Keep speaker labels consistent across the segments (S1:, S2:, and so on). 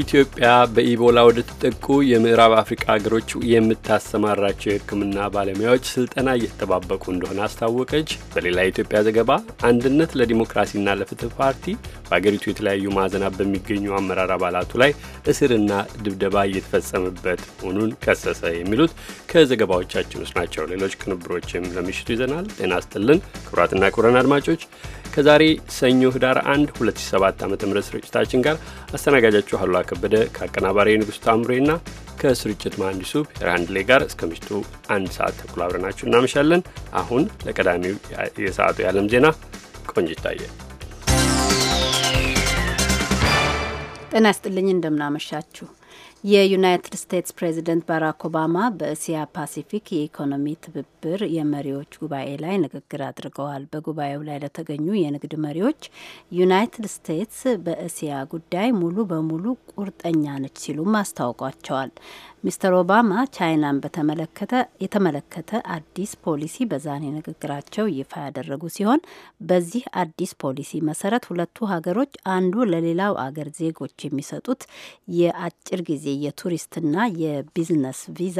S1: ኢትዮጵያ በኢቦላ ወደ ተጠቁ የምዕራብ አፍሪካ ሀገሮች የምታሰማራቸው የሕክምና ባለሙያዎች ስልጠና እየተጠባበቁ እንደሆነ አስታወቀች። በሌላ የኢትዮጵያ ዘገባ አንድነት ለዲሞክራሲና ለፍትህ ፓርቲ በሀገሪቱ የተለያዩ ማዕዘናት በሚገኙ አመራር አባላቱ ላይ እስርና ድብደባ እየተፈጸመበት መሆኑን ከሰሰ። የሚሉት ከዘገባዎቻችን ውስጥ ናቸው። ሌሎች ቅንብሮችም ለምሽቱ ይዘናል። ጤና ይስጥልን ክቡራትና ክቡራን አድማጮች ከዛሬ ሰኞ ህዳር 1 2007 ዓ ም ስርጭታችን ጋር አስተናጋጃችሁ አሉላ ከበደ ከአቀናባሪ ንጉሥ ታምሬና ከስርጭት መሐንዲሱ ፒተር ጋር እስከ ምሽቱ አንድ ሰዓት ተኩል አብረናችሁ እናመሻለን። አሁን ለቀዳሚው የሰዓቱ የዓለም ዜና ቆንጅ ይታየ።
S2: ጤና ይስጥልኝ እንደምናመሻችሁ የዩናይትድ ስቴትስ ፕሬዚደንት ባራክ ኦባማ በእስያ ፓሲፊክ የኢኮኖሚ ትብብር የመሪዎች ጉባኤ ላይ ንግግር አድርገዋል። በጉባኤው ላይ ለተገኙ የንግድ መሪዎች ዩናይትድ ስቴትስ በእስያ ጉዳይ ሙሉ በሙሉ ቁርጠኛ ነች ሲሉም አስታውቋቸዋል። ሚስተር ኦባማ ቻይናን በተመለከተ የተመለከተ አዲስ ፖሊሲ በዛኔ ንግግራቸው ይፋ ያደረጉ ሲሆን በዚህ አዲስ ፖሊሲ መሰረት ሁለቱ ሀገሮች አንዱ ለሌላው አገር ዜጎች የሚሰጡት የአጭር ጊዜ የቱሪስትና የቢዝነስ ቪዛ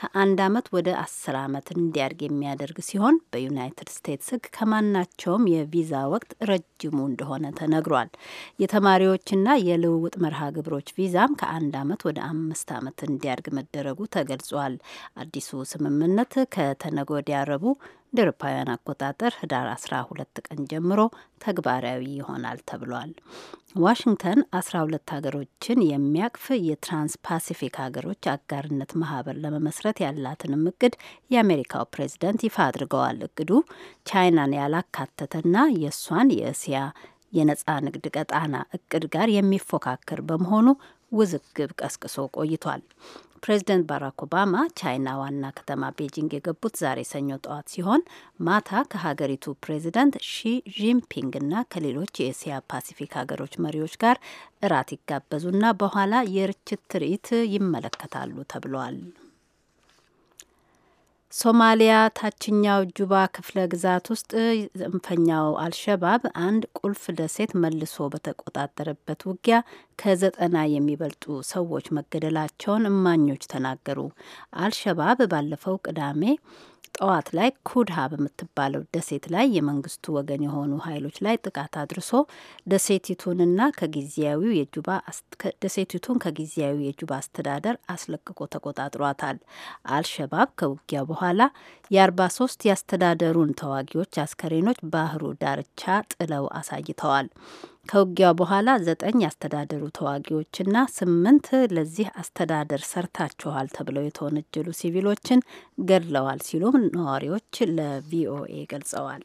S2: ከአንድ ዓመት ወደ አስር ዓመት እንዲያድግ የሚያደርግ ሲሆን በዩናይትድ ስቴትስ ሕግ ከማናቸውም የቪዛ ወቅት ረጅሙ እንደሆነ ተነግሯል። የተማሪዎችና የልውውጥ መርሃ ግብሮች ቪዛም ከአንድ ዓመት ወደ አምስት ዓመት እንዲያድግ መደረጉ ተገልጿል። አዲሱ ስምምነት ከተነጎዲያ ረቡዕ እንደ አውሮፓውያን አቆጣጠር ህዳር 12 ቀን ጀምሮ ተግባራዊ ይሆናል ተብሏል። ዋሽንግተን 12 ሀገሮችን የሚያቅፍ የትራንስፓሲፊክ ሀገሮች አጋርነት ማህበር ለመመስረት ያላትንም እቅድ የአሜሪካው ፕሬዚደንት ይፋ አድርገዋል። እቅዱ ቻይናን ያላካተተና የእሷን የእስያ የነፃ ንግድ ቀጣና እቅድ ጋር የሚፎካከር በመሆኑ ውዝግብ ቀስቅሶ ቆይቷል። ፕሬዚደንት ባራክ ኦባማ ቻይና ዋና ከተማ ቤጂንግ የገቡት ዛሬ ሰኞ ጠዋት ሲሆን ማታ ከሀገሪቱ ፕሬዚደንት ሺ ጂንፒንግና ከሌሎች የእስያ ፓሲፊክ ሀገሮች መሪዎች ጋር እራት ይጋበዙና በኋላ የርችት ትርኢት ይመለከታሉ ተብሏል። ሶማሊያ ታችኛው ጁባ ክፍለ ግዛት ውስጥ ጽንፈኛው አልሸባብ አንድ ቁልፍ ደሴት መልሶ በተቆጣጠረበት ውጊያ ከዘጠና የሚበልጡ ሰዎች መገደላቸውን እማኞች ተናገሩ። አልሸባብ ባለፈው ቅዳሜ ጠዋት ላይ ኩድሃ በምትባለው ደሴት ላይ የመንግስቱ ወገን የሆኑ ኃይሎች ላይ ጥቃት አድርሶ ደሴቲቱንና ከጊዜያዊው የጁባ ደሴቲቱን ከጊዜያዊ የጁባ አስተዳደር አስለቅቆ ተቆጣጥሯታል። አልሸባብ ከውጊያ በኋላ የ ሶስት የአስተዳደሩን ተዋጊዎች አስከሬኖች ባህሩ ዳርቻ ጥለው አሳይተዋል። ከውጊያው በኋላ ዘጠኝ ያስተዳደሩ ተዋጊዎችና ስምንት ለዚህ አስተዳደር ሰርታችኋል ተብለው የተወነጀሉ ሲቪሎችን ገድለዋል ሲሉም ነዋሪዎች ለቪኦኤ ገልጸዋል።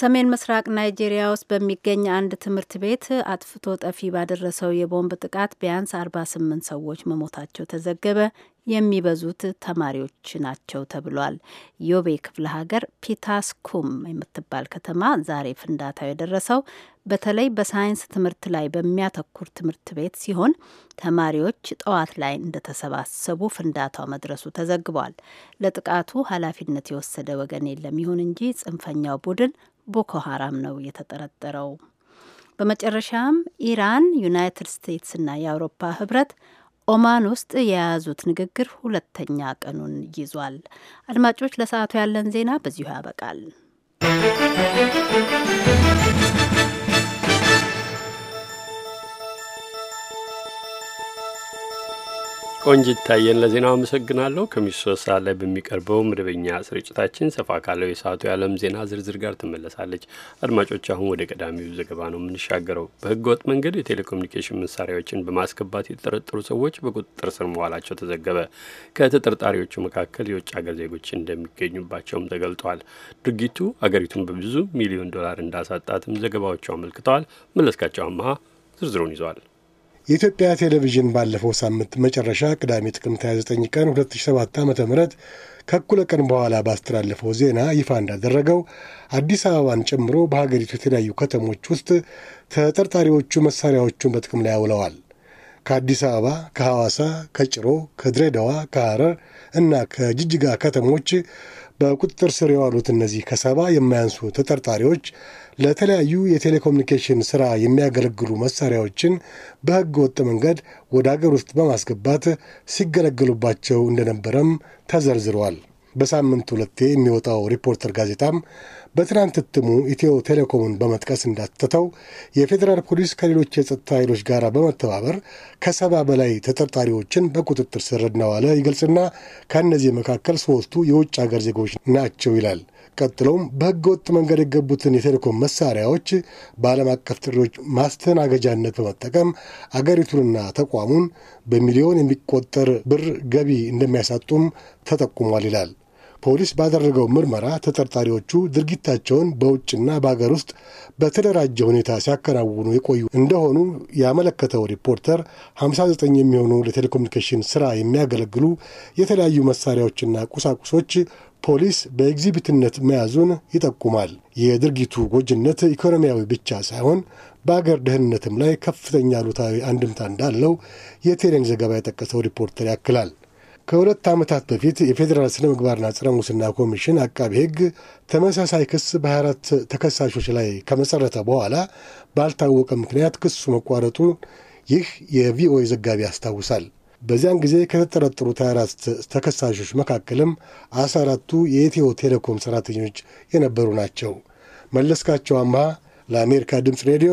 S2: ሰሜን ምስራቅ ናይጄሪያ ውስጥ በሚገኝ አንድ ትምህርት ቤት አጥፍቶ ጠፊ ባደረሰው የቦምብ ጥቃት ቢያንስ 48 ሰዎች መሞታቸው ተዘገበ። የሚበዙት ተማሪዎች ናቸው ተብሏል። ዮቤ ክፍለ ሀገር ፒታስኩም የምትባል ከተማ ዛሬ ፍንዳታው የደረሰው በተለይ በሳይንስ ትምህርት ላይ በሚያተኩር ትምህርት ቤት ሲሆን ተማሪዎች ጠዋት ላይ እንደተሰባሰቡ ፍንዳታው መድረሱ ተዘግቧል። ለጥቃቱ ኃላፊነት የወሰደ ወገን የለም። ይሁን እንጂ ጽንፈኛው ቡድን ቦኮ ሀራም ነው የተጠረጠረው። በመጨረሻም ኢራን፣ ዩናይትድ እና የአውሮፓ ህብረት ኦማን ውስጥ የያዙት ንግግር ሁለተኛ ቀኑን ይዟል። አድማጮች፣ ለሰዓቱ ያለን ዜና በዚሁ ያበቃል።
S1: ቆንጅ ይታየን ለዜናው አመሰግናለሁ። ከምሽቱ ሶስት ሰዓት ላይ በሚቀርበው መደበኛ ስርጭታችን ሰፋ ካለው የሰዓቱ የዓለም ዜና ዝርዝር ጋር ትመለሳለች። አድማጮች፣ አሁን ወደ ቀዳሚው ዘገባ ነው የምንሻገረው። በህገ ወጥ መንገድ የቴሌኮሙኒኬሽን መሳሪያዎችን በማስገባት የተጠረጠሩ ሰዎች በቁጥጥር ስር መዋላቸው ተዘገበ። ከተጠርጣሪዎቹ መካከል የውጭ ሀገር ዜጎች እንደሚገኙባቸውም ተገልጧል። ድርጊቱ አገሪቱን በብዙ ሚሊዮን ዶላር እንዳሳጣትም ዘገባዎቹ አመልክተዋል። መለስካቸው አመሀ ዝርዝሩን ይዘዋል።
S3: የኢትዮጵያ ቴሌቪዥን ባለፈው ሳምንት መጨረሻ ቅዳሜ ጥቅምት 29 ቀን 2007 ዓ ም ከእኩለ ቀን በኋላ ባስተላለፈው ዜና ይፋ እንዳደረገው አዲስ አበባን ጨምሮ በሀገሪቱ የተለያዩ ከተሞች ውስጥ ተጠርጣሪዎቹ መሳሪያዎቹን በጥቅም ላይ አውለዋል። ከአዲስ አበባ፣ ከሐዋሳ፣ ከጭሮ፣ ከድሬዳዋ፣ ከሐረር እና ከጅጅጋ ከተሞች በቁጥጥር ስር የዋሉት እነዚህ ከሰባ የማያንሱ ተጠርጣሪዎች ለተለያዩ የቴሌኮሙኒኬሽን ሥራ የሚያገለግሉ መሳሪያዎችን በህገ ወጥ መንገድ ወደ አገር ውስጥ በማስገባት ሲገለገሉባቸው እንደነበረም ተዘርዝረዋል። በሳምንት ሁለቴ የሚወጣው ሪፖርተር ጋዜጣም በትናንት እትሙ ኢትዮ ቴሌኮምን በመጥቀስ እንዳተተው የፌዴራል ፖሊስ ከሌሎች የጸጥታ ኃይሎች ጋር በመተባበር ከሰባ በላይ ተጠርጣሪዎችን በቁጥጥር ስር እንደዋለ ይገልጽና ከእነዚህ መካከል ሶስቱ የውጭ ሀገር ዜጎች ናቸው ይላል። ቀጥሎም በህገ ወጥ መንገድ የገቡትን የቴሌኮም መሳሪያዎች በዓለም አቀፍ ጥሪዎች ማስተናገጃነት በመጠቀም አገሪቱንና ተቋሙን በሚሊዮን የሚቆጠር ብር ገቢ እንደሚያሳጡም ተጠቁሟል ይላል። ፖሊስ ባደረገው ምርመራ ተጠርጣሪዎቹ ድርጊታቸውን በውጭና በአገር ውስጥ በተደራጀ ሁኔታ ሲያከናውኑ የቆዩ እንደሆኑ ያመለከተው ሪፖርተር 59 የሚሆኑ ለቴሌኮሙኒኬሽን ስራ የሚያገለግሉ የተለያዩ መሳሪያዎችና ቁሳቁሶች ፖሊስ በኤግዚቢትነት መያዙን ይጠቁማል። የድርጊቱ ጎጅነት ኢኮኖሚያዊ ብቻ ሳይሆን በአገር ደህንነትም ላይ ከፍተኛ አሉታዊ አንድምታ እንዳለው የቴሌን ዘገባ የጠቀሰው ሪፖርተር ያክላል። ከሁለት ዓመታት በፊት የፌዴራል ስነ ምግባርና ጸረ ሙስና ኮሚሽን አቃቢ ሕግ ተመሳሳይ ክስ በ24 ተከሳሾች ላይ ከመሠረተ በኋላ ባልታወቀ ምክንያት ክሱ መቋረጡ ይህ የቪኦኤ ዘጋቢ ያስታውሳል። በዚያን ጊዜ ከተጠረጠሩት 24 ተከሳሾች መካከልም 14ቱ የኢትዮ ቴሌኮም ሠራተኞች የነበሩ ናቸው። መለስካቸው አምሃ ለአሜሪካ ድምፅ ሬዲዮ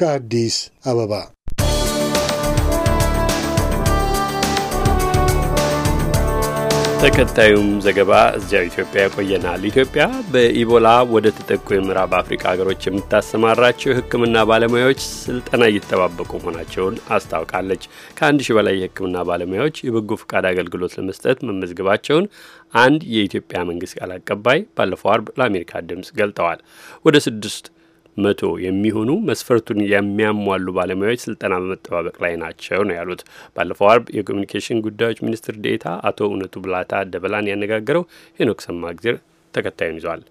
S3: ከአዲስ አበባ
S1: ተከታዩም ዘገባ እዚያው ኢትዮጵያ ያቆየናል። ኢትዮጵያ በኢቦላ ወደ ተጠቁ የምዕራብ አፍሪካ ሀገሮች የምታሰማራቸው የሕክምና ባለሙያዎች ስልጠና እየተጠባበቁ መሆናቸውን አስታውቃለች። ከአንድ ሺህ በላይ የሕክምና ባለሙያዎች የበጎ ፈቃድ አገልግሎት ለመስጠት መመዝገባቸውን አንድ የኢትዮጵያ መንግስት ቃል አቀባይ ባለፈው አርብ ለአሜሪካ ድምፅ ገልጠዋል። ወደ ስድስት መቶ የሚሆኑ መስፈርቱን የሚያሟሉ ባለሙያዎች ስልጠና በመጠባበቅ ላይ ናቸው ነው ያሉት። ባለፈው አርብ የኮሚኒኬሽን ጉዳዮች ሚኒስትር ዴታ አቶ እውነቱ ብላታ ደበላን ያነጋገረው ሄኖክ ጊዜር ተከታዩን ይዟል።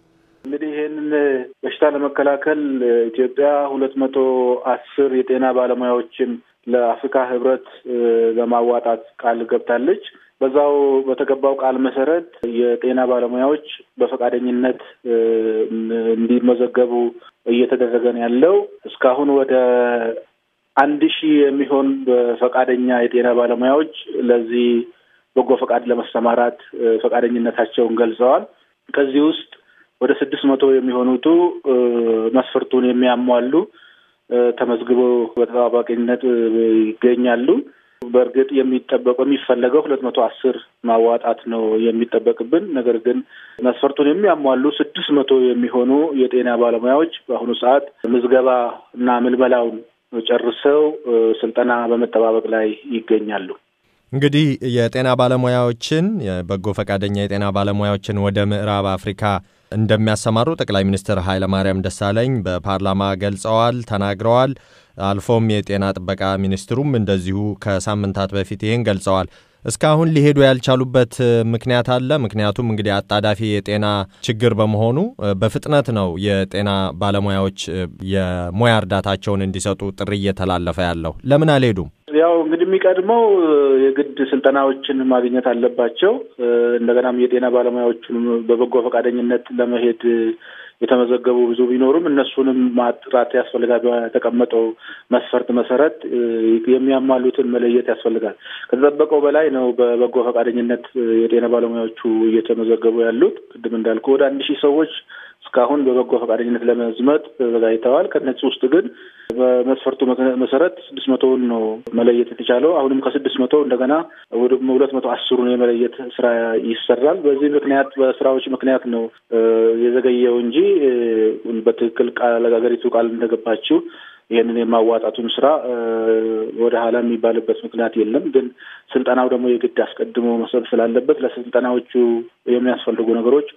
S4: እንግዲህ ይህንን በሽታ ለመከላከል ኢትዮጵያ ሁለት መቶ አስር የጤና ባለሙያዎችን ለአፍሪካ ህብረት ለማዋጣት ቃል ገብታለች። በዛው በተገባው ቃል መሰረት የጤና ባለሙያዎች በፈቃደኝነት እንዲመዘገቡ እየተደረገ ነው ያለው። እስካሁን ወደ አንድ ሺህ የሚሆን በፈቃደኛ የጤና ባለሙያዎች ለዚህ በጎ ፈቃድ ለመሰማራት ፈቃደኝነታቸውን ገልጸዋል። ከዚህ ውስጥ ወደ ስድስት መቶ የሚሆኑቱ መስፈርቱን የሚያሟሉ ተመዝግበው በተጠባባቂነት ይገኛሉ። በእርግጥ የሚጠበቀው የሚፈለገው ሁለት መቶ አስር ማዋጣት ነው የሚጠበቅብን። ነገር ግን መስፈርቱን የሚያሟሉ ስድስት መቶ የሚሆኑ የጤና ባለሙያዎች በአሁኑ ሰዓት ምዝገባ እና ምልመላውን ጨርሰው ስልጠና በመጠባበቅ ላይ ይገኛሉ።
S5: እንግዲህ የጤና ባለሙያዎችን የበጎ ፈቃደኛ የጤና ባለሙያዎችን ወደ ምዕራብ አፍሪካ እንደሚያሰማሩ ጠቅላይ ሚኒስትር ኃይለማርያም ደሳለኝ በፓርላማ ገልጸዋል፣ ተናግረዋል። አልፎም የጤና ጥበቃ ሚኒስትሩም እንደዚሁ ከሳምንታት በፊት ይህን ገልጸዋል። እስካሁን ሊሄዱ ያልቻሉበት ምክንያት አለ። ምክንያቱም እንግዲህ አጣዳፊ የጤና ችግር በመሆኑ በፍጥነት ነው የጤና ባለሙያዎች የሙያ እርዳታቸውን እንዲሰጡ ጥሪ እየተላለፈ ያለው። ለምን አልሄዱም?
S4: ያው እንግዲህ የሚቀድመው የግድ ስልጠናዎችን ማግኘት አለባቸው። እንደገናም የጤና ባለሙያዎቹን በበጎ ፈቃደኝነት ለመሄድ የተመዘገቡ ብዙ ቢኖሩም እነሱንም ማጥራት ያስፈልጋል። በተቀመጠው መስፈርት መሰረት የሚያሟሉትን መለየት ያስፈልጋል። ከተጠበቀው በላይ ነው። በበጎ ፈቃደኝነት የጤና ባለሙያዎቹ እየተመዘገቡ ያሉት ቅድም እንዳልኩ ወደ አንድ ሺህ ሰዎች እስካሁን በበጎ ፈቃደኝነት ለመዝመጥ ተዘጋጅተዋል። ከነዚህ ውስጥ ግን በመስፈርቱ መሰረት ስድስት መቶውን ነው መለየት የተቻለው። አሁንም ከስድስት መቶ እንደገና ወደ ሁለት መቶ አስሩን የመለየት ስራ ይሰራል። በዚህ ምክንያት በስራዎች ምክንያት ነው የዘገየው እንጂ በትክክል ቃል ቃል እንደገባችው ይህንን የማዋጣቱን ስራ ወደ ኋላ የሚባልበት ምክንያት የለም። ግን ስልጠናው ደግሞ የግድ አስቀድሞ መሰብ ስላለበት ለስልጠናዎቹ የሚያስፈልጉ ነገሮች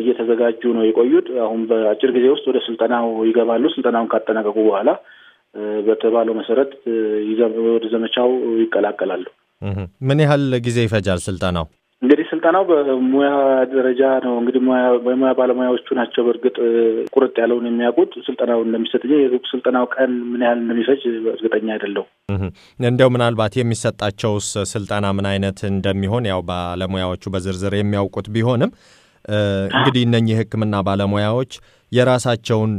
S4: እየተዘጋጁ ነው የቆዩት። አሁን በአጭር ጊዜ ውስጥ ወደ ስልጠናው ይገባሉ። ስልጠናውን ካጠናቀቁ በኋላ በተባለው መሰረት ወደ ዘመቻው ይቀላቀላሉ።
S5: ምን ያህል ጊዜ ይፈጃል ስልጠናው?
S4: እንግዲህ ስልጠናው በሙያ ደረጃ ነው። እንግዲህ በሙያ ባለሙያዎቹ ናቸው በእርግጥ ቁርጥ ያለውን የሚያውቁት ስልጠናው እንደሚሰጥ እ ስልጠናው ቀን ምን ያህል እንደሚፈጅ እርግጠኛ አይደለው
S5: እንደው ምናልባት የሚሰጣቸውስ ስልጠና ምን አይነት እንደሚሆን ያው ባለሙያዎቹ በዝርዝር የሚያውቁት ቢሆንም እንግዲህ እነኚህ የህክምና ባለሙያዎች የራሳቸውን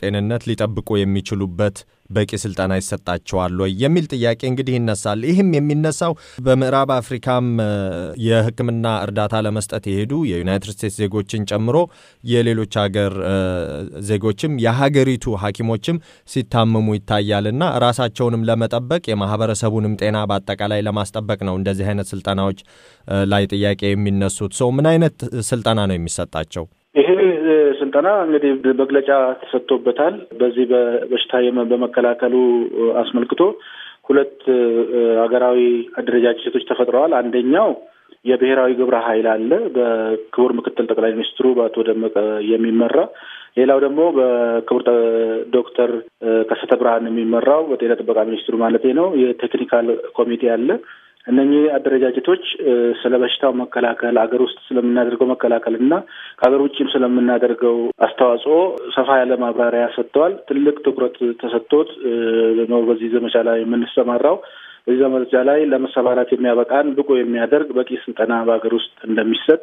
S5: ጤንነት ሊጠብቁ የሚችሉበት በቂ ስልጠና ይሰጣቸዋል ወይ የሚል ጥያቄ እንግዲህ ይነሳል። ይህም የሚነሳው በምዕራብ አፍሪካም የሕክምና እርዳታ ለመስጠት የሄዱ የዩናይትድ ስቴትስ ዜጎችን ጨምሮ የሌሎች ሀገር ዜጎችም የሀገሪቱ ሐኪሞችም ሲታመሙ ይታያልና ራሳቸውንም ለመጠበቅ የማህበረሰቡንም ጤና በአጠቃላይ ለማስጠበቅ ነው እንደዚህ አይነት ስልጠናዎች ላይ ጥያቄ የሚነሱት። ሰው ምን አይነት ስልጠና ነው የሚሰጣቸው?
S4: ይሄ ስልጠና እንግዲህ መግለጫ ተሰጥቶበታል። በዚህ በበሽታ በመከላከሉ አስመልክቶ ሁለት ሀገራዊ አደረጃጀቶች ተፈጥረዋል። አንደኛው የብሔራዊ ግብረ ኃይል አለ በክቡር ምክትል ጠቅላይ ሚኒስትሩ በአቶ ደመቀ የሚመራ ሌላው ደግሞ በክቡር ዶክተር ከሰተ ብርሃን የሚመራው በጤና ጥበቃ ሚኒስትሩ ማለት ነው የቴክኒካል ኮሚቴ አለ። እነኚህ አደረጃጀቶች ስለ በሽታው መከላከል አገር ውስጥ ስለምናደርገው መከላከል እና ከሀገር ውጭም ስለምናደርገው አስተዋጽኦ ሰፋ ያለ ማብራሪያ ሰጥተዋል። ትልቅ ትኩረት ተሰጥቶት ነው በዚህ ዘመቻ ላይ የምንሰማራው። በዚህ ዘመቻ ላይ ለመሰማራት የሚያበቃን ብቁ የሚያደርግ በቂ ስልጠና በሀገር ውስጥ እንደሚሰጥ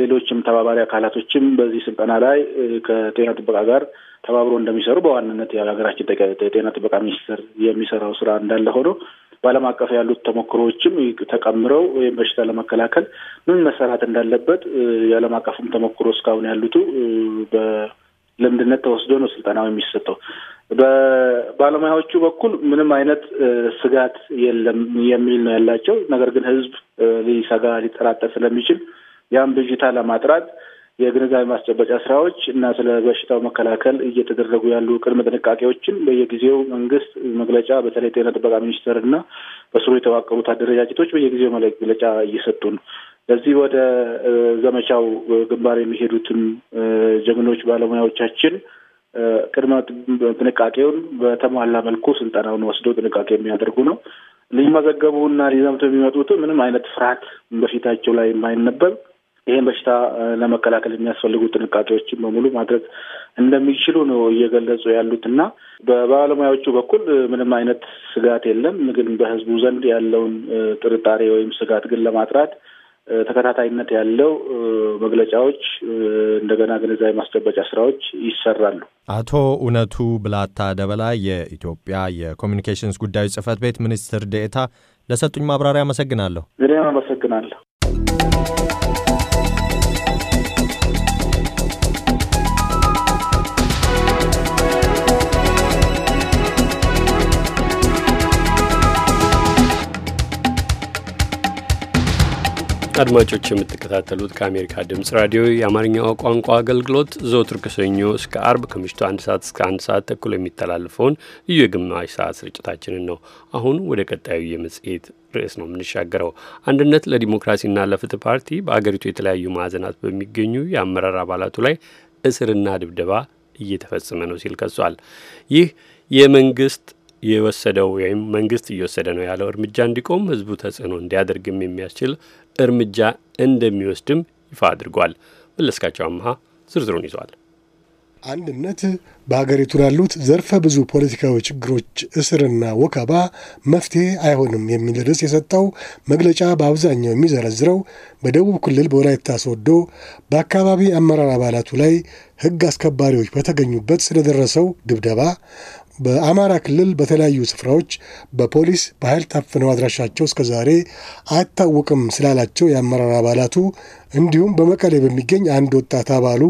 S4: ሌሎችም ተባባሪ አካላቶችም በዚህ ስልጠና ላይ ከጤና ጥበቃ ጋር ተባብሮ እንደሚሰሩ በዋናነት የሀገራችን የጤና ጥበቃ ሚኒስቴር የሚሰራው ስራ እንዳለ ሆኖ በዓለም አቀፍ ያሉት ተሞክሮዎችም ተቀምረው ወይም በሽታ ለመከላከል ምን መሰራት እንዳለበት የዓለም አቀፍም ተሞክሮ እስካሁን ያሉቱ በልምድነት ተወስዶ ነው ስልጠናው የሚሰጠው። በባለሙያዎቹ በኩል ምንም አይነት ስጋት የለም የሚል ነው ያላቸው። ነገር ግን ህዝብ ሊሰጋ ሊጠራጠር ስለሚችል ያን ብዥታ ለማጥራት የግንዛቤ ማስጨበጫ ስራዎች እና ስለ በሽታው መከላከል እየተደረጉ ያሉ ቅድመ ጥንቃቄዎችን በየጊዜው መንግስት መግለጫ በተለይ ጤና ጥበቃ ሚኒስቴር እና በስሩ የተዋቀሩት አደረጃጀቶች በየጊዜው መግለጫ እየሰጡ ነው። ለዚህ ወደ ዘመቻው ግንባር የሚሄዱትም ጀግኖች ባለሙያዎቻችን ቅድመ ጥንቃቄውን በተሟላ መልኩ ስልጠናውን ወስደው ጥንቃቄ የሚያደርጉ ነው። ሊመዘገቡ እና ሊዘምቱ የሚመጡት ምንም አይነት ፍርሃት በፊታቸው ላይ የማይነበብ ይህን በሽታ ለመከላከል የሚያስፈልጉ ጥንቃቄዎችን በሙሉ ማድረግ እንደሚችሉ ነው እየገለጹ ያሉት እና በባለሙያዎቹ በኩል ምንም አይነት ስጋት የለም። ግን በህዝቡ ዘንድ ያለውን ጥርጣሬ ወይም ስጋት ግን ለማጥራት ተከታታይነት ያለው መግለጫዎች እንደገና ግንዛቤ ማስጨበጫ ስራዎች ይሰራሉ።
S5: አቶ እውነቱ ብላታ ደበላ የኢትዮጵያ የኮሚኒኬሽንስ ጉዳዮች ጽህፈት ቤት ሚኒስትር ዴኤታ ለሰጡኝ ማብራሪያ አመሰግናለሁ።
S4: እኔም አመሰግናለሁ። フフフフ。
S1: አድማጮች የምትከታተሉት ከአሜሪካ ድምፅ ራዲዮ የአማርኛው ቋንቋ አገልግሎት ዘወትር ከሰኞ እስከ አርብ ከምሽቱ አንድ ሰዓት እስከ አንድ ሰዓት ተኩል የሚተላለፈውን ልዩ የግማሽ ሰዓት ስርጭታችንን ነው። አሁን ወደ ቀጣዩ የመጽሔት ርዕስ ነው የምንሻገረው። አንድነት ለዲሞክራሲና ለፍትህ ፓርቲ በአገሪቱ የተለያዩ ማዕዘናት በሚገኙ የአመራር አባላቱ ላይ እስርና ድብደባ እየተፈጸመ ነው ሲል ከሷል። ይህ የመንግስት የወሰደው ወይም መንግስት እየወሰደ ነው ያለው እርምጃ እንዲቆም ህዝቡ ተጽዕኖ እንዲያደርግም የሚያስችል እርምጃ እንደሚወስድም ይፋ አድርጓል። መለስካቸው አምሃ ዝርዝሩን ይዟል።
S3: አንድነት በሀገሪቱ ላሉት ዘርፈ ብዙ ፖለቲካዊ ችግሮች እስርና ወከባ መፍትሄ አይሆንም የሚል ርዕስ የሰጠው መግለጫ በአብዛኛው የሚዘረዝረው በደቡብ ክልል በወላይታ ሶዶ በአካባቢ አመራር አባላቱ ላይ ሕግ አስከባሪዎች በተገኙበት ስለደረሰው ድብደባ፣ በአማራ ክልል በተለያዩ ስፍራዎች በፖሊስ በኃይል ታፍነው አድራሻቸው እስከዛሬ አይታወቅም ስላላቸው የአመራር አባላቱ እንዲሁም በመቀሌ በሚገኝ አንድ ወጣት አባሉ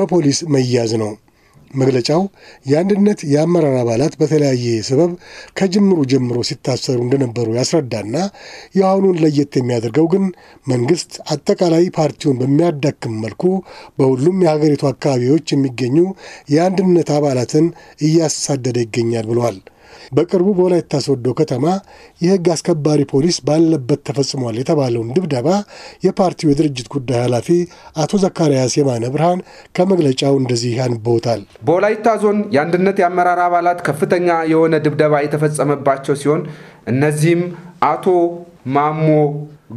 S3: በፖሊስ መያዝ ነው። መግለጫው የአንድነት የአመራር አባላት በተለያየ ሰበብ ከጅምሩ ጀምሮ ሲታሰሩ እንደነበሩ ያስረዳና የአሁኑን ለየት የሚያደርገው ግን መንግስት አጠቃላይ ፓርቲውን በሚያዳክም መልኩ በሁሉም የሀገሪቱ አካባቢዎች የሚገኙ የአንድነት አባላትን እያሳደደ ይገኛል ብለዋል። በቅርቡ በወላይታ ሶዶ ከተማ የህግ አስከባሪ ፖሊስ ባለበት ተፈጽሟል የተባለውን ድብደባ የፓርቲው የድርጅት ጉዳይ ኃላፊ አቶ ዘካርያስ የማነ ብርሃን ከመግለጫው እንደዚህ አንብበውታል።
S6: በወላይታ ዞን የአንድነት የአመራር አባላት ከፍተኛ የሆነ ድብደባ የተፈጸመባቸው ሲሆን እነዚህም አቶ ማሞ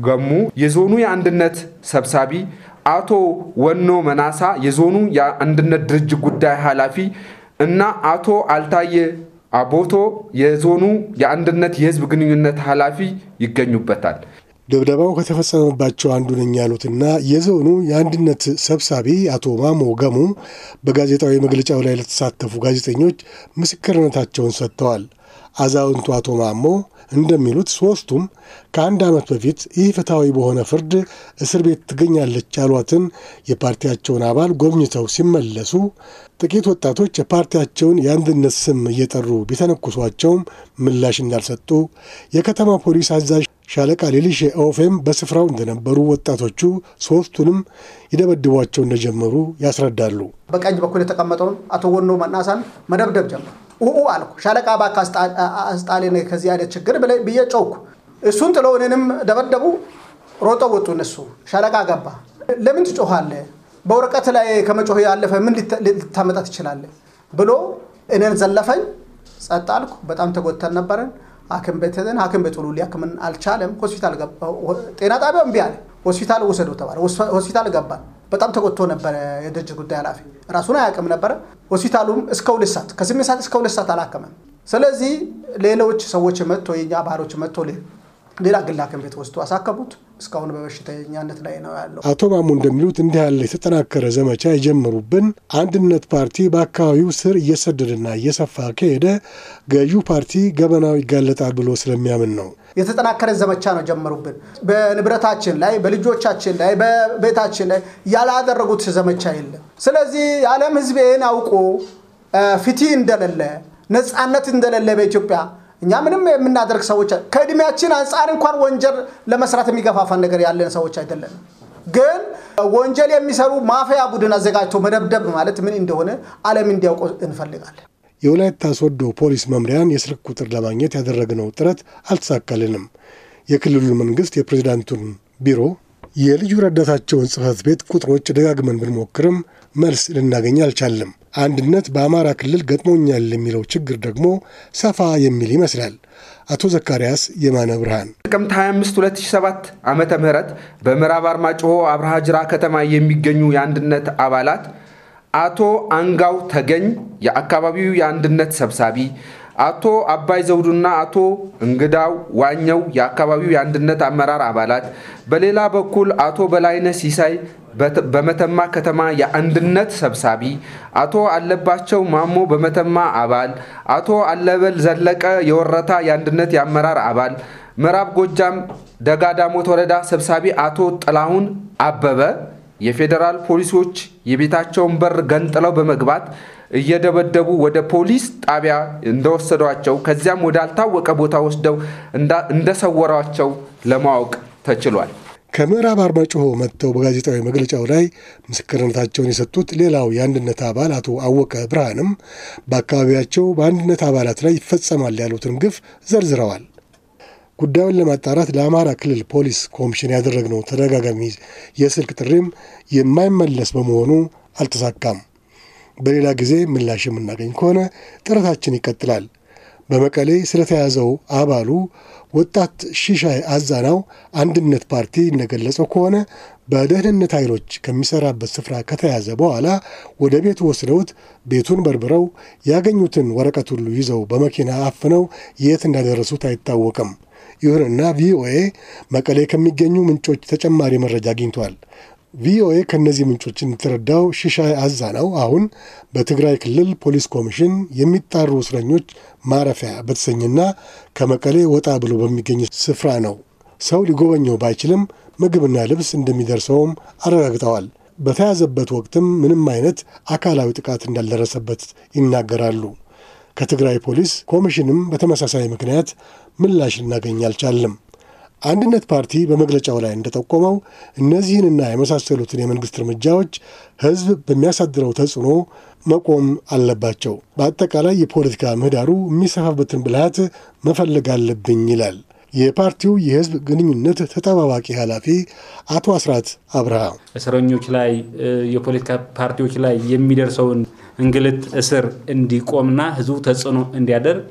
S6: ገሙ የዞኑ የአንድነት ሰብሳቢ አቶ ወኖ መናሳ የዞኑ የአንድነት ድርጅት ጉዳይ ኃላፊ እና አቶ አልታየ አቦቶ የዞኑ የአንድነት የህዝብ ግንኙነት ኃላፊ ይገኙበታል።
S3: ድብደባው ከተፈጸመባቸው አንዱ ነኝ ያሉትና የዞኑ የአንድነት ሰብሳቢ አቶ ማሞ ገሙ በጋዜጣዊ መግለጫው ላይ ለተሳተፉ ጋዜጠኞች ምስክርነታቸውን ሰጥተዋል። አዛውንቱ አቶ ማሞ እንደሚሉት ሶስቱም ከአንድ ዓመት በፊት ይህ ፍትሐዊ በሆነ ፍርድ እስር ቤት ትገኛለች ያሏትን የፓርቲያቸውን አባል ጎብኝተው ሲመለሱ ጥቂት ወጣቶች የፓርቲያቸውን የአንድነት ስም እየጠሩ ቢተነኩሷቸውም ምላሽ እንዳልሰጡ፣ የከተማ ፖሊስ አዛዥ ሻለቃ ሌሊሽ ኦፌም በስፍራው እንደነበሩ ወጣቶቹ ሶስቱንም ይደበድቧቸው እንደጀመሩ ያስረዳሉ።
S7: በቀኝ በኩል የተቀመጠውን አቶ ወኖ መናሳን መደብደብ ጀመር። ኡኡ አልኩ። ሻለቃ እባክህ አስጣሌን ከዚህ አይነት ችግር ብዬ ጮኩ። እሱን ጥሎ እኔንም ደበደቡ። ሮጦ ወጡ እነሱ። ሻለቃ ገባ። ለምን ትጮኻለህ? በወረቀት ላይ ከመጮህ ያለፈ ምን ልታመጣ ትችላለህ? ብሎ እኔን ዘለፈኝ። ጸጥ አልኩ። በጣም ተጎተን ነበረን። ሐኪም ቤት ሄደን ሐኪም ቤት ሁሉ ሊያክምን አልቻለም። ሆስፒታል ገባ። ጤና ጣቢያው እምቢ አለ። ሆስፒታል ውሰዱ ተባለ። ሆስፒታል ገባን። በጣም ተቆጥቶ ነበረ። የድርጅት ጉዳይ ኃላፊ ራሱን አያውቅም ነበረ። ሆስፒታሉም እስከ ሁለት ሰዓት ከስምንት ሰዓት እስከ ሁለት ሰዓት አላከመም። ስለዚህ ሌሎች ሰዎች መጥቶ የኛ ባህሮች መጥቶ ሌላ ግል ሐኪም ቤት ወስዶ አሳከሙት። እስካሁን በበሽተኛነት ላይ ነው ያለው። አቶ ማሙ
S3: እንደሚሉት እንዲህ ያለ የተጠናከረ ዘመቻ የጀመሩብን አንድነት ፓርቲ በአካባቢው ስር እየሰደደና እየሰፋ ከሄደ ገዢው ፓርቲ ገበናው ይጋለጣል ብሎ ስለሚያምን ነው።
S7: የተጠናከረ ዘመቻ ነው ጀመሩብን። በንብረታችን ላይ፣ በልጆቻችን ላይ፣ በቤታችን ላይ ያላደረጉት ዘመቻ የለም። ስለዚህ የዓለም ሕዝብ ይህን አውቆ ፍትህ እንደሌለ ነፃነት እንደሌለ በኢትዮጵያ እኛ ምንም የምናደርግ ሰዎች ከእድሜያችን አንጻር እንኳን ወንጀል ለመስራት የሚገፋፋን ነገር ያለን ሰዎች አይደለም ግን ወንጀል የሚሰሩ ማፊያ ቡድን አዘጋጅቶ መደብደብ ማለት ምን እንደሆነ ዓለም እንዲያውቁ እንፈልጋለን።
S3: የወላይታ ሶዶ ፖሊስ መምሪያን የስልክ ቁጥር ለማግኘት ያደረግነው ጥረት አልተሳካልንም። የክልሉ መንግስት የፕሬዚዳንቱን ቢሮ የልዩ ረዳታቸውን ጽህፈት ቤት ቁጥሮች ደጋግመን ብንሞክርም መልስ ልናገኝ አልቻለም። አንድነት በአማራ ክልል ገጥሞኛል የሚለው ችግር ደግሞ ሰፋ የሚል ይመስላል። አቶ ዘካርያስ የማነ ብርሃን
S6: ጥቅምት 25 2007 ዓ ም በምዕራብ አርማጭሆ አብርሃ ጅራ ከተማ የሚገኙ የአንድነት አባላት አቶ አንጋው ተገኝ የአካባቢው የአንድነት ሰብሳቢ፣ አቶ አባይ ዘውዱና አቶ እንግዳው ዋኘው የአካባቢው የአንድነት አመራር አባላት፣ በሌላ በኩል አቶ በላይነ ሲሳይ በመተማ ከተማ የአንድነት ሰብሳቢ፣ አቶ አለባቸው ማሞ በመተማ አባል፣ አቶ አለበል ዘለቀ የወረታ የአንድነት የአመራር አባል፣ ምዕራብ ጎጃም ደጋዳሞት ወረዳ ሰብሳቢ አቶ ጥላሁን አበበ የፌዴራል ፖሊሶች የቤታቸውን በር ገንጥለው በመግባት እየደበደቡ ወደ ፖሊስ ጣቢያ እንደወሰዷቸው ከዚያም ወዳልታወቀ ቦታ ወስደው እንደሰወሯቸው ለማወቅ ተችሏል።
S3: ከምዕራብ አርማጭሆ መጥተው በጋዜጣዊ መግለጫው ላይ ምስክርነታቸውን የሰጡት ሌላው የአንድነት አባል አቶ አወቀ ብርሃንም በአካባቢያቸው በአንድነት አባላት ላይ ይፈጸማል ያሉትን ግፍ ዘርዝረዋል። ጉዳዩን ለማጣራት ለአማራ ክልል ፖሊስ ኮሚሽን ያደረግነው ተደጋጋሚ የስልክ ጥሪም የማይመለስ በመሆኑ አልተሳካም። በሌላ ጊዜ ምላሽ የምናገኝ ከሆነ ጥረታችን ይቀጥላል። በመቀሌ ስለተያዘው አባሉ ወጣት ሺሻይ አዛናው አንድነት ፓርቲ እንደገለጸው ከሆነ በደህንነት ኃይሎች ከሚሰራበት ስፍራ ከተያዘ በኋላ ወደ ቤቱ ወስደውት ቤቱን በርብረው ያገኙትን ወረቀት ሁሉ ይዘው በመኪና አፍነው የት እንዳደረሱት አይታወቅም። ይሁንና ቪኦኤ መቀሌ ከሚገኙ ምንጮች ተጨማሪ መረጃ አግኝቷል። ቪኦኤ ከእነዚህ ምንጮች እንደተረዳው ሽሻይ አዛ ነው። አሁን በትግራይ ክልል ፖሊስ ኮሚሽን የሚጣሩ እስረኞች ማረፊያ በተሰኘና ከመቀሌ ወጣ ብሎ በሚገኝ ስፍራ ነው። ሰው ሊጎበኘው ባይችልም ምግብና ልብስ እንደሚደርሰውም አረጋግጠዋል። በተያዘበት ወቅትም ምንም አይነት አካላዊ ጥቃት እንዳልደረሰበት ይናገራሉ። ከትግራይ ፖሊስ ኮሚሽንም በተመሳሳይ ምክንያት ምላሽ ልናገኝ አልቻለም። አንድነት ፓርቲ በመግለጫው ላይ እንደጠቆመው እነዚህንና የመሳሰሉትን የመንግስት እርምጃዎች ህዝብ በሚያሳድረው ተጽዕኖ መቆም አለባቸው። በአጠቃላይ የፖለቲካ ምህዳሩ የሚሰፋበትን ብልሃት መፈለግ አለብኝ ይላል የፓርቲው የህዝብ ግንኙነት ተጠባባቂ ኃላፊ አቶ አስራት አብርሃ።
S4: እስረኞች ላይ የፖለቲካ ፓርቲዎች ላይ የሚደርሰውን እንግልት፣ እስር እንዲቆምና ህዝቡ ተጽዕኖ እንዲያደርግ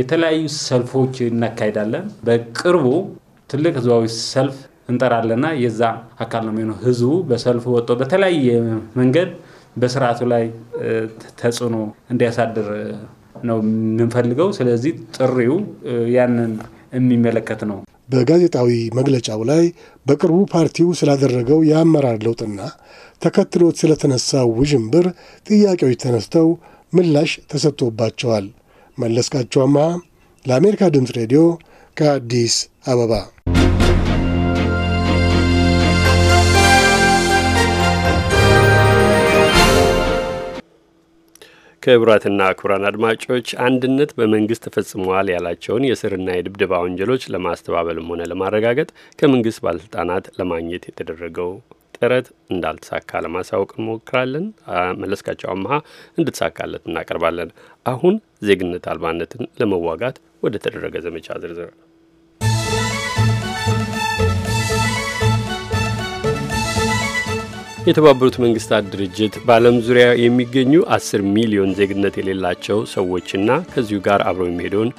S4: የተለያዩ ሰልፎች እናካሄዳለን። በቅርቡ ትልቅ ህዝባዊ ሰልፍ እንጠራለና የዛ አካል ነው የሚሆነው። ህዝቡ በሰልፉ ወጥቶ በተለያየ መንገድ በስርዓቱ ላይ ተጽዕኖ እንዲያሳድር ነው የምንፈልገው። ስለዚህ ጥሪው ያንን የሚመለከት ነው።
S3: በጋዜጣዊ መግለጫው ላይ በቅርቡ ፓርቲው ስላደረገው የአመራር ለውጥና ተከትሎት ስለተነሳው ውዥንብር ጥያቄዎች ተነስተው ምላሽ ተሰጥቶባቸዋል። መለስካቸው አምሃ ለአሜሪካ ድምፅ ሬዲዮ ከአዲስ አበባ
S1: ክቡራትና ክቡራን አድማጮች አንድነት በመንግስት ተፈጽመዋል ያላቸውን የስርና የድብደባ ወንጀሎች ለማስተባበልም ሆነ ለማረጋገጥ ከመንግስት ባለስልጣናት ለማግኘት የተደረገው ጥረት እንዳልተሳካ ለማሳወቅ እንሞክራለን። መለስካቸው አመሀ እንድትሳካለት እናቀርባለን። አሁን ዜግነት አልባነትን ለመዋጋት ወደ ተደረገ ዘመቻ ዝርዝር የተባበሩት መንግስታት ድርጅት በዓለም ዙሪያ የሚገኙ 10 ሚሊዮን ዜግነት የሌላቸው ሰዎችና ከዚሁ ጋር አብረው የሚሄደውን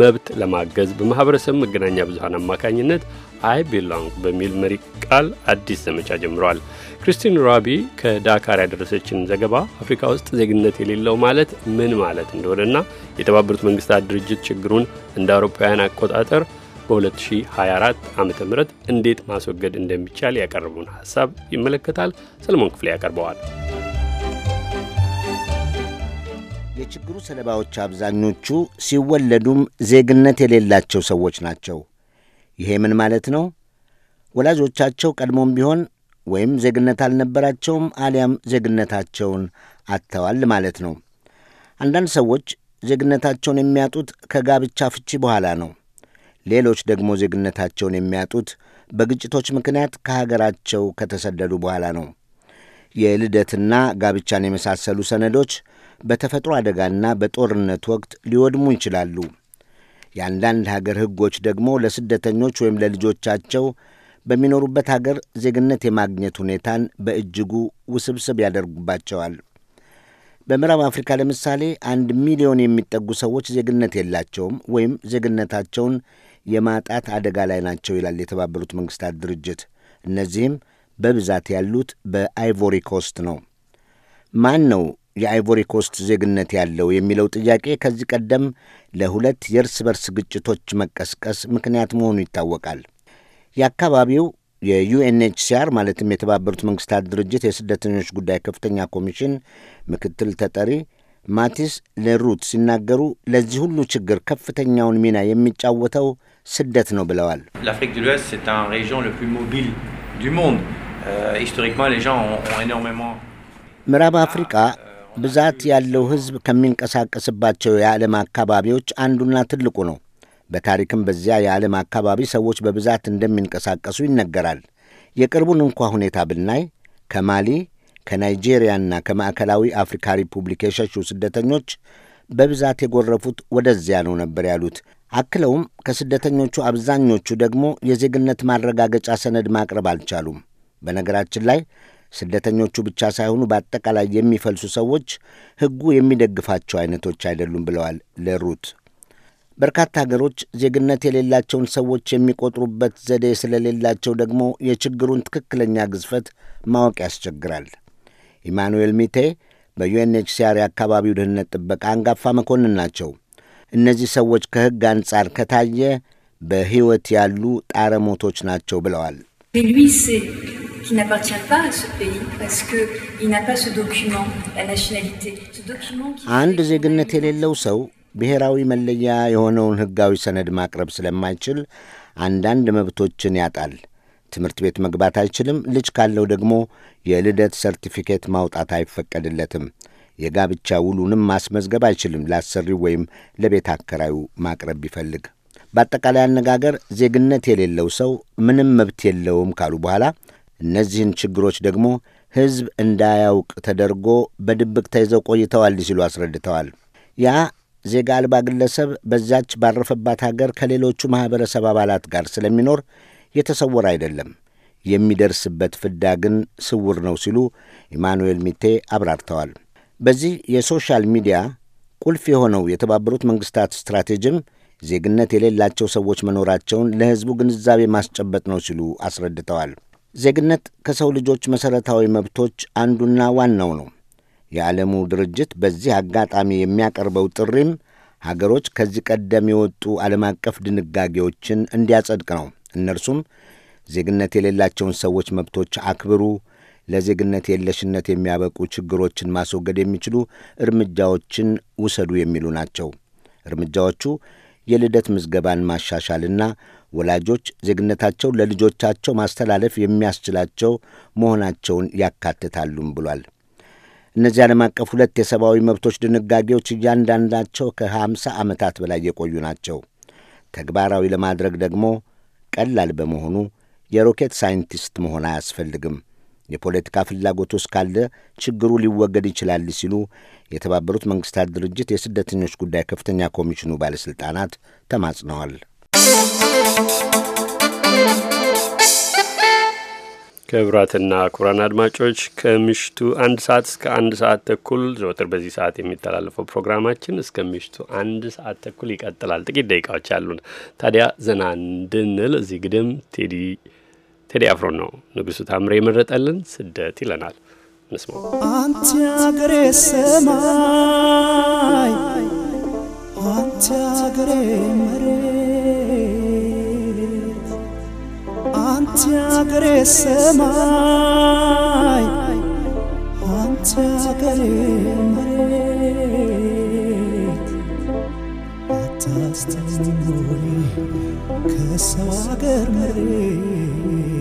S1: መብት ለማገዝ በማኅበረሰብ መገናኛ ብዙሀን አማካኝነት አይ ቢሎንግ በሚል መሪ ቃል አዲስ ዘመቻ ጀምሯል። ክሪስቲን ራቢ ከዳካር ያደረሰችን ዘገባ አፍሪካ ውስጥ ዜግነት የሌለው ማለት ምን ማለት እንደሆነና የተባበሩት መንግስታት ድርጅት ችግሩን እንደ አውሮፓውያን አቆጣጠር በ2024 ዓ ም እንዴት ማስወገድ እንደሚቻል ያቀረቡን ሀሳብ ይመለከታል። ሰለሞን ክፍሌ ያቀርበዋል።
S8: የችግሩ ሰለባዎች አብዛኞቹ ሲወለዱም ዜግነት የሌላቸው ሰዎች ናቸው። ይሄ ምን ማለት ነው? ወላጆቻቸው ቀድሞም ቢሆን ወይም ዜግነት አልነበራቸውም አሊያም ዜግነታቸውን አጥተዋል ማለት ነው። አንዳንድ ሰዎች ዜግነታቸውን የሚያጡት ከጋብቻ ፍቺ በኋላ ነው። ሌሎች ደግሞ ዜግነታቸውን የሚያጡት በግጭቶች ምክንያት ከሀገራቸው ከተሰደዱ በኋላ ነው። የልደትና ጋብቻን የመሳሰሉ ሰነዶች በተፈጥሮ አደጋና በጦርነት ወቅት ሊወድሙ ይችላሉ። የአንዳንድ ሀገር ሕጎች ደግሞ ለስደተኞች ወይም ለልጆቻቸው በሚኖሩበት ሀገር ዜግነት የማግኘት ሁኔታን በእጅጉ ውስብስብ ያደርጉባቸዋል። በምዕራብ አፍሪካ ለምሳሌ አንድ ሚሊዮን የሚጠጉ ሰዎች ዜግነት የላቸውም ወይም ዜግነታቸውን የማጣት አደጋ ላይ ናቸው ይላል የተባበሩት መንግስታት ድርጅት። እነዚህም በብዛት ያሉት በአይቮሪ ኮስት ነው። ማን ነው የአይቮሪ ኮስት ዜግነት ያለው የሚለው ጥያቄ ከዚህ ቀደም ለሁለት የእርስ በርስ ግጭቶች መቀስቀስ ምክንያት መሆኑ ይታወቃል። የአካባቢው የዩኤንኤችሲአር ማለትም የተባበሩት መንግስታት ድርጅት የስደተኞች ጉዳይ ከፍተኛ ኮሚሽን ምክትል ተጠሪ ማቲስ ለሩት ሲናገሩ ለዚህ ሁሉ ችግር ከፍተኛውን ሚና የሚጫወተው ስደት ነው ብለዋል። euh, ምዕራብ አፍሪቃ ብዛት ያለው ሕዝብ ከሚንቀሳቀስባቸው የዓለም አካባቢዎች አንዱና ትልቁ ነው። በታሪክም በዚያ የዓለም አካባቢ ሰዎች በብዛት እንደሚንቀሳቀሱ ይነገራል። የቅርቡን እንኳ ሁኔታ ብናይ ከማሊ ከናይጄሪያና ከማዕከላዊ አፍሪካ ሪፑብሊክ የሸሹ ስደተኞች በብዛት የጎረፉት ወደዚያ ነው ነበር ያሉት አክለውም ከስደተኞቹ አብዛኞቹ ደግሞ የዜግነት ማረጋገጫ ሰነድ ማቅረብ አልቻሉም። በነገራችን ላይ ስደተኞቹ ብቻ ሳይሆኑ በአጠቃላይ የሚፈልሱ ሰዎች ሕጉ የሚደግፋቸው አይነቶች አይደሉም ብለዋል ለሩት። በርካታ ሀገሮች ዜግነት የሌላቸውን ሰዎች የሚቆጥሩበት ዘዴ ስለሌላቸው ደግሞ የችግሩን ትክክለኛ ግዝፈት ማወቅ ያስቸግራል። ኢማኑኤል ሚቴ በዩኤንኤችሲአር የአካባቢው ድህነት ጥበቃ አንጋፋ መኮንን ናቸው። እነዚህ ሰዎች ከሕግ አንጻር ከታየ በሕይወት ያሉ ጣረሞቶች ናቸው ብለዋል። አንድ ዜግነት የሌለው ሰው ብሔራዊ መለያ የሆነውን ሕጋዊ ሰነድ ማቅረብ ስለማይችል አንዳንድ መብቶችን ያጣል። ትምህርት ቤት መግባት አይችልም። ልጅ ካለው ደግሞ የልደት ሰርቲፊኬት ማውጣት አይፈቀድለትም። የጋብቻ ውሉንም ማስመዝገብ አይችልም ላሰሪው ወይም ለቤት አከራዩ ማቅረብ ቢፈልግ። በአጠቃላይ አነጋገር ዜግነት የሌለው ሰው ምንም መብት የለውም ካሉ በኋላ እነዚህን ችግሮች ደግሞ ሕዝብ እንዳያውቅ ተደርጎ በድብቅ ተይዘው ቆይተዋል ሲሉ አስረድተዋል። ያ ዜጋ አልባ ግለሰብ በዛች ባረፈባት ሀገር ከሌሎቹ ማኅበረሰብ አባላት ጋር ስለሚኖር የተሰወረ አይደለም። የሚደርስበት ፍዳ ግን ስውር ነው ሲሉ ኢማኑኤል ሚቴ አብራርተዋል። በዚህ የሶሻል ሚዲያ ቁልፍ የሆነው የተባበሩት መንግስታት ስትራቴጂም ዜግነት የሌላቸው ሰዎች መኖራቸውን ለሕዝቡ ግንዛቤ ማስጨበጥ ነው ሲሉ አስረድተዋል። ዜግነት ከሰው ልጆች መሠረታዊ መብቶች አንዱና ዋናው ነው። የዓለሙ ድርጅት በዚህ አጋጣሚ የሚያቀርበው ጥሪም ሀገሮች ከዚህ ቀደም የወጡ ዓለም አቀፍ ድንጋጌዎችን እንዲያጸድቅ ነው። እነርሱም ዜግነት የሌላቸውን ሰዎች መብቶች አክብሩ፣ ለዜግነት የለሽነት የሚያበቁ ችግሮችን ማስወገድ የሚችሉ እርምጃዎችን ውሰዱ የሚሉ ናቸው። እርምጃዎቹ የልደት ምዝገባን ማሻሻልና ወላጆች ዜግነታቸውን ለልጆቻቸው ማስተላለፍ የሚያስችላቸው መሆናቸውን ያካትታሉም ብሏል። እነዚህ ዓለም አቀፍ ሁለት የሰብአዊ መብቶች ድንጋጌዎች እያንዳንዳቸው ከሃምሳ ዓመታት በላይ የቆዩ ናቸው። ተግባራዊ ለማድረግ ደግሞ ቀላል በመሆኑ የሮኬት ሳይንቲስት መሆን አያስፈልግም። የፖለቲካ ፍላጎት ውስጥ ካለ ችግሩ ሊወገድ ይችላል ሲሉ የተባበሩት መንግስታት ድርጅት የስደተኞች ጉዳይ ከፍተኛ ኮሚሽኑ ባለሥልጣናት ተማጽነዋል። ክቡራትና ክቡራን
S1: አድማጮች ከምሽቱ አንድ ሰዓት እስከ አንድ ሰዓት ተኩል ዘወትር በዚህ ሰዓት የሚተላለፈው ፕሮግራማችን እስከ ምሽቱ አንድ ሰዓት ተኩል ይቀጥላል። ጥቂት ደቂቃዎች አሉን። ታዲያ ዘና እንድንል እዚህ ግድም ቴዲ ቴዲ አፍሮን ነው ንጉሱ ታምሬ የመረጠልን። ስደት ይለናል እንስማው።
S9: አንቺ አገሬ ሰማይ፣ አንቺ አገሬ መሬት፣ አንቺ አገሬ ሰማይ፣ አንቺ አገሬ መሬት አታስተኝ ከሰው አገር መሬት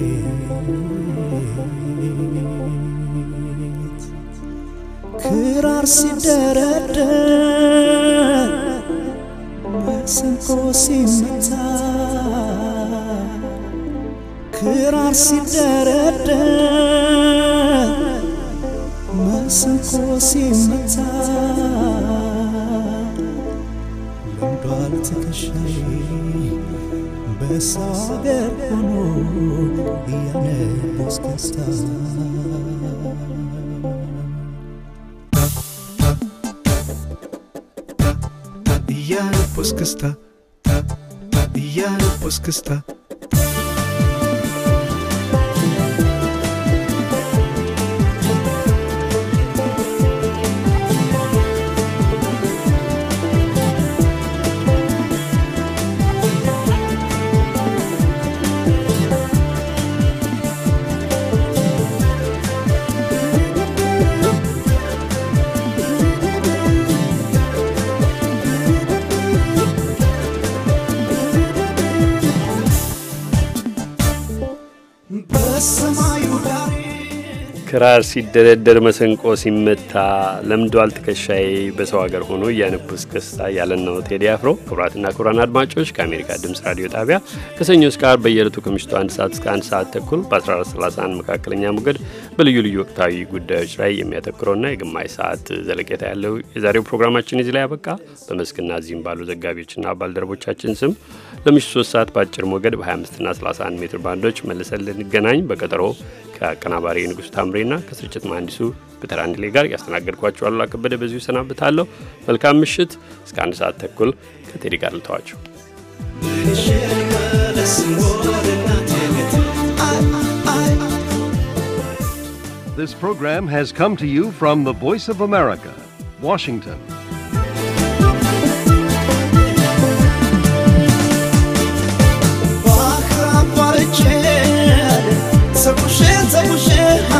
S9: ምራር ሲደረደር መሰንቆ ሲመታ ክራር ሲደረደር መሰንቆ ሲመታ ለምዷል ትከሻሽ በሰው አገር ሆኖ እያነቦስ ከስታ
S7: подкаста. Та, та и я подкаста.
S1: ክራር ሲደረደር መሰንቆ ሲመታ ለምዷል ትከሻዬ በሰው ሀገር ሆኖ እያነብስ ከስታ ያለን ነው ቴዲ አፍሮ። ክቡራትና ክቡራን አድማጮች ከአሜሪካ ድምፅ ራዲዮ ጣቢያ ከሰኞ እስከ ዓርብ በየዕለቱ ከምሽቱ አንድ ሰዓት እስከ አንድ ሰዓት ተኩል በ1431 መካከለኛ ሞገድ በልዩ ልዩ ወቅታዊ ጉዳዮች ላይ የሚያተኩረውና የግማሽ ሰዓት ዘለቄታ ያለው የዛሬው ፕሮግራማችን እዚህ ላይ ያበቃ። በመስክና እዚህም ባሉ ዘጋቢዎችና ባልደረቦቻችን ስም ለምሽቱ 3 ሰዓት በአጭር ሞገድ በ25ና 31 ሜትር ባንዶች መልሰን ልንገናኝ በቀጠሮ ከአቀናባሪ ንጉሥ ታምሬና ከስርጭት መሐንዲሱ ፒተር አንድሌ ጋር ያስተናገድኳችሁ አሉላ ከበደ በዚሁ ሰናብታለሁ። መልካም ምሽት። እስከ አንድ ሰዓት ተኩል ከቴዲ ጋር ልተዋችሁ።
S9: This program has come to you from the Voice of America, Washington. Yeah. ça bougeait,